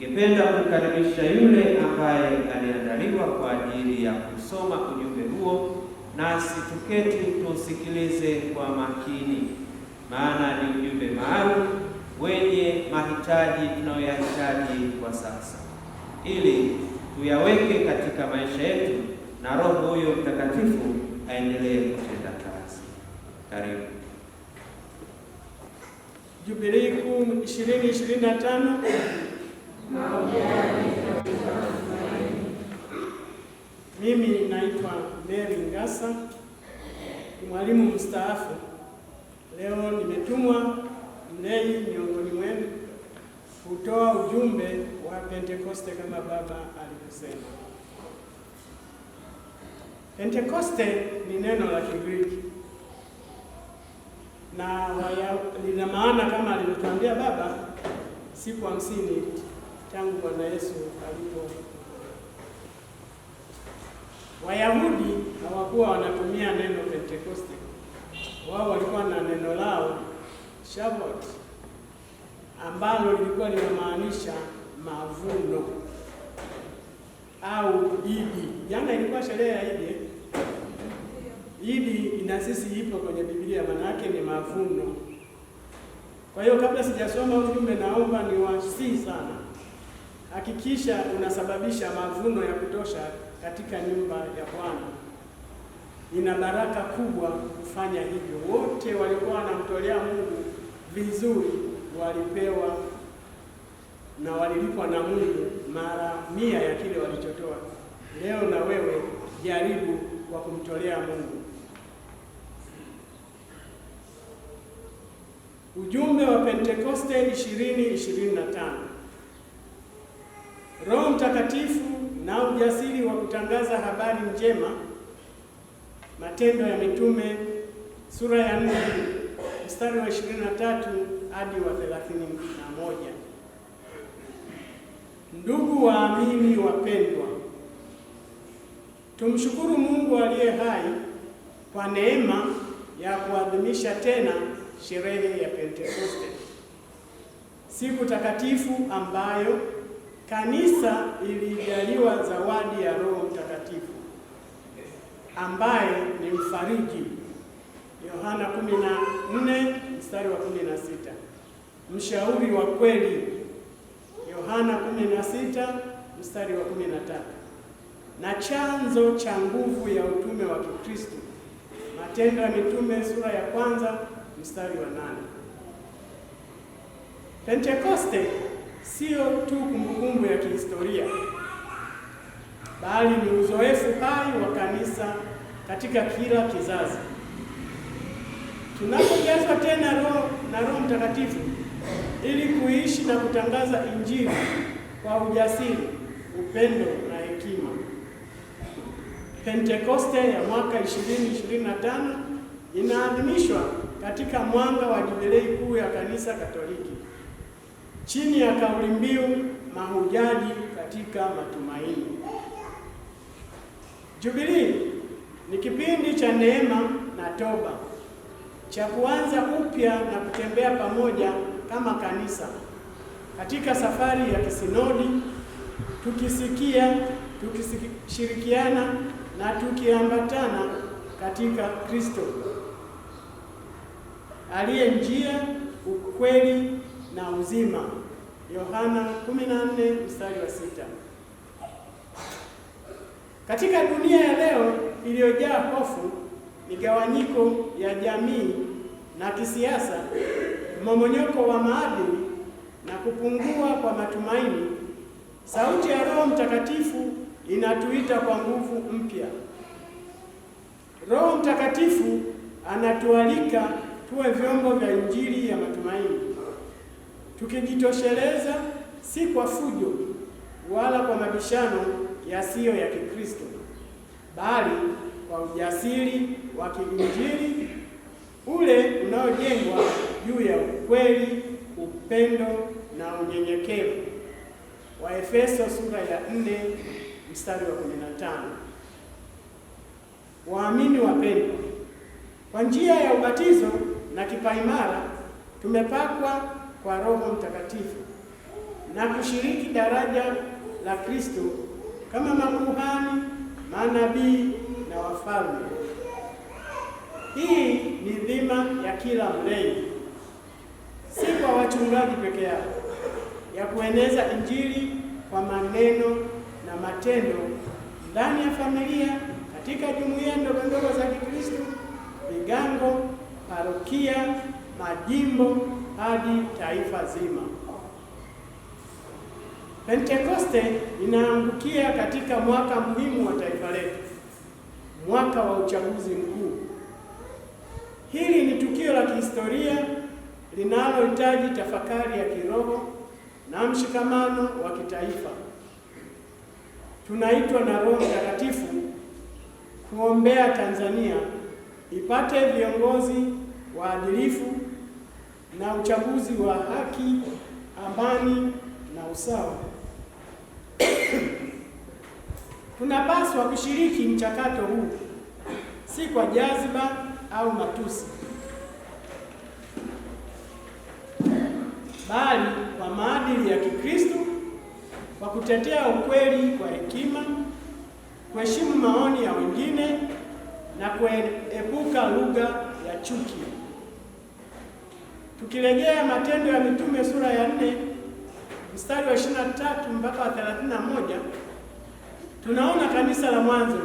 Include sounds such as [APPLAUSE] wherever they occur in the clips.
Ningependa kumkaribisha yule ambaye aliandaliwa kwa ajili ya kusoma ujumbe huo, nasi tuketi tusikilize kwa makini, maana ni ujumbe maalum wenye mahitaji tunayoyahitaji kwa sasa, ili tuyaweke katika maisha yetu na Roho huyo Mtakatifu aendelee kutenda kazi. Karibu. Jubilei Kuu 2025 mimi naitwa Mary Ngasa, mwalimu mstaafu. Leo nimetumwa mlei miongoni mwenu kutoa ujumbe wa Pentekoste kama baba alivyosema. Pentekoste ni neno la Kigiriki na lina maana kama alivyotuambia baba, siku hamsini tangu Bwana Yesu alipo. Wayahudi hawakuwa wanatumia neno Pentekoste, wao walikuwa na neno lao Shavuot ambalo lilikuwa linamaanisha mavuno au Idi. Jana ilikuwa sherehe ya Idi. Eh? Idi ina sisi ipo kwenye Biblia, maana yake ni mavuno. Kwa hiyo kabla sijasoma ujumbe, naomba niwasihi sana hakikisha unasababisha mavuno ya kutosha katika nyumba ya Bwana. Ina baraka kubwa kufanya hivyo. Wote walikuwa wanamtolea Mungu vizuri, walipewa na walilipwa na Mungu mara mia ya kile walichotoa. Leo na wewe jaribu kwa kumtolea Mungu. Ujumbe wa Pentekoste 2025 mtakatifu na ujasiri wa kutangaza habari njema, Matendo ya Mitume sura ya 4 mstari wa 23 hadi wa 31. Ndugu waamini wapendwa, tumshukuru Mungu aliye hai kwa neema ya kuadhimisha tena sherehe ya Pentekoste, siku takatifu ambayo Kanisa ilijaliwa zawadi ya Roho Mtakatifu ambaye ni mfariji, Yohana 14 mstari wa 16, mshauri wa kweli, Yohana 16 mstari wa 13, na chanzo cha nguvu ya utume wa Kikristo, Matendo ya Mitume sura ya kwanza mstari wa nane. Pentekoste sio tu kumbukumbu ya kihistoria, bali ni uzoefu hai wa kanisa katika kila kizazi. Tunapojazwa tena roho na Roho Mtakatifu ili kuishi na kutangaza Injili kwa ujasiri, upendo na hekima. Pentekoste ya mwaka 2025 inaadhimishwa katika mwanga wa jubilei kuu ya Kanisa Katoliki chini ya kauli mbiu mahujaji katika matumaini. Jubilii ni kipindi cha neema na toba cha kuanza upya na kutembea pamoja kama kanisa katika safari ya kisinodi, tukisikia, tukishirikiana na tukiambatana katika Kristo aliye njia, ukweli na uzima, Yohana 14 mstari wa sita. Katika dunia ya leo iliyojaa hofu, migawanyiko ya jamii na kisiasa, mmomonyoko wa maadili na kupungua kwa matumaini, sauti ya Roho Mtakatifu inatuita kwa nguvu mpya. Roho Mtakatifu anatualika tuwe vyombo vya Injili ya matumaini tukijitosheleza si kwa fujo wala kwa mabishano yasiyo ya Kikristo, bali kwa ujasiri wa kiinjili ule unaojengwa juu ya ukweli, upendo na unyenyekevu. Waefeso sura ya 4 mstari wa 15. Waamini wapendwa, kwa njia ya ubatizo na kipaimara tumepakwa kwa Roho Mtakatifu na kushiriki daraja la Kristo kama makuhani, manabii na wafalme. Hii ni dhima ya kila mlei, si kwa wachungaji peke yao, ya kueneza Injili kwa maneno na matendo ndani ya familia, katika jumuiya ndogondogo za Kikristo, vigango, parokia, majimbo hadi taifa zima. Pentekoste inaangukia katika mwaka muhimu wa taifa letu, mwaka wa uchaguzi mkuu. Hili ni tukio la kihistoria linalohitaji tafakari ya kiroho na mshikamano wa kitaifa. Tunaitwa na Roho Mtakatifu kuombea Tanzania ipate viongozi waadilifu na uchaguzi wa haki, amani na usawa. [COUGHS] Tunapaswa kushiriki mchakato huu si kwa jazba au matusi, bali kwa maadili ya Kikristo, kwa kutetea ukweli kwa hekima, kuheshimu maoni ya wengine na kuepuka lugha ya chuki. Tukirejea Matendo ya Mitume sura ya nne mstari wa 23 mpaka wa 31 tunaona kanisa la mwanzo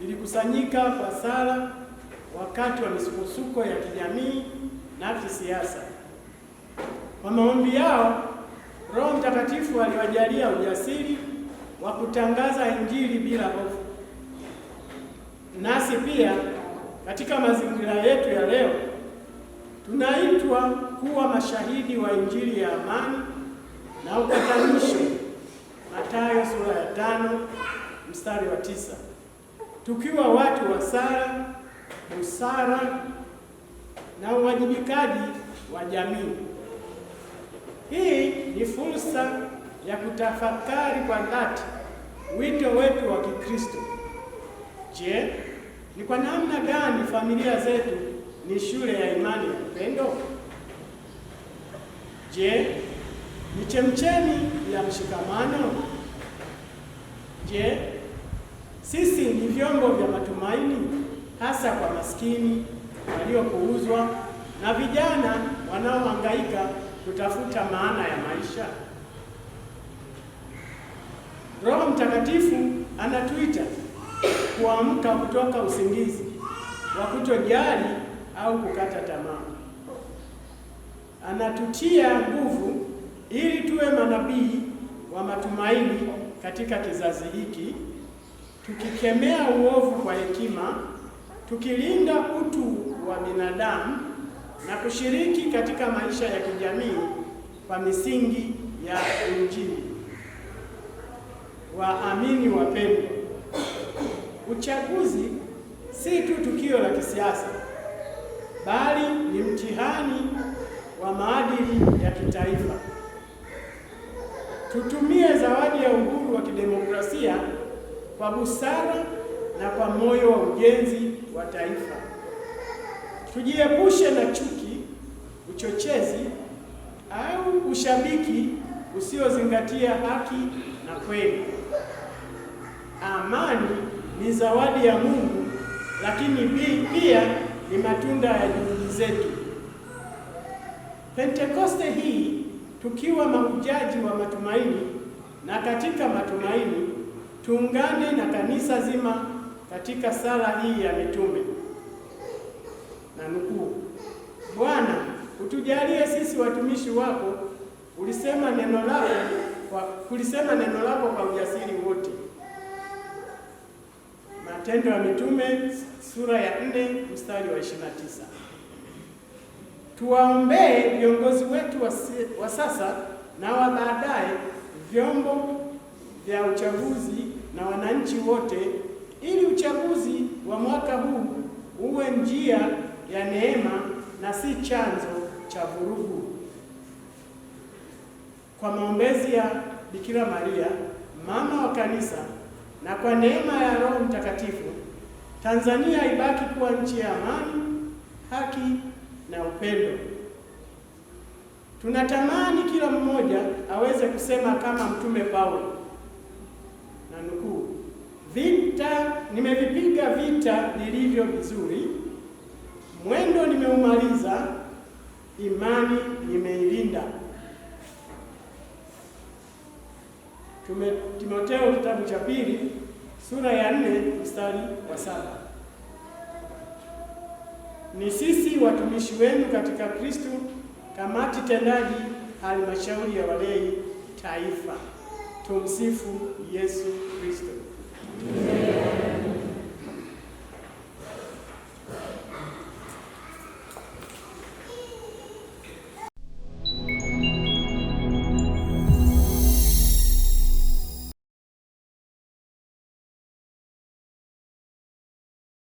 lilikusanyika kwa sala wakati wa misukosuko ya kijamii na kisiasa. Kwa maombi yao, Roho Mtakatifu aliwajalia ujasiri wa kutangaza Injili bila hofu. Nasi pia katika mazingira yetu ya leo tunaitwa kuwa mashahidi wa injili ya amani na upatanisho, Mathayo sura ya tano mstari wa tisa, tukiwa watu wa sala, busara na uwajibikaji wa jamii. Hii ni fursa ya kutafakari kwa dhati wito wetu wa Kikristo. Je, ni kwa namna gani familia zetu ni shule ya imani? Je, ni chemchemi ya mshikamano? Je, sisi ni vyombo vya matumaini hasa kwa maskini waliopuuzwa na vijana wanaohangaika kutafuta maana ya maisha? Roho Mtakatifu anatuita kuamka kutoka usingizi wa kutojali au kukata tamaa anatutia nguvu ili tuwe manabii wa matumaini katika kizazi hiki, tukikemea uovu kwa hekima, tukilinda utu wa binadamu na kushiriki katika maisha ya kijamii kwa misingi ya Injili. Waamini wapendwa, uchaguzi si tu tukio la kisiasa, bali ni mtihani wa maadili ya kitaifa. Tutumie zawadi ya uhuru wa kidemokrasia kwa busara na kwa moyo wa ujenzi wa taifa. Tujiepushe na chuki, uchochezi au ushabiki usiozingatia haki na kweli. Amani ni zawadi ya Mungu, lakini pia ni matunda ya juhudi zetu. Pentekoste hii tukiwa mahujaji wa matumaini na katika matumaini, tuungane na kanisa zima katika sala hii ya mitume, na nukuu: Bwana utujalie sisi watumishi wako ulisema neno lako kwa, kulisema neno lako kwa ujasiri wote. Matendo ya Mitume sura ya 4 mstari wa 29. Tuwaombee viongozi wetu wa, wa sasa na wa baadaye, vyombo vya uchaguzi na wananchi wote, ili uchaguzi wa mwaka huu uwe njia ya neema na si chanzo cha vurugu. Kwa maombezi ya Bikira Maria mama wa kanisa na kwa neema ya Roho Mtakatifu, Tanzania ibaki kuwa nchi ya amani, haki na upendo. Tunatamani kila mmoja aweze kusema kama Mtume Paulo, na nukuu, vita nimevipiga vita vilivyo vizuri, mwendo nimeumaliza, imani nimeilinda. Tume kitabu cha pili sura ya nne mstari wa saba ni sisi watumishi wenu katika Kristo, kamati tendaji, halmashauri ya walei taifa. Tumsifu Yesu Kristo.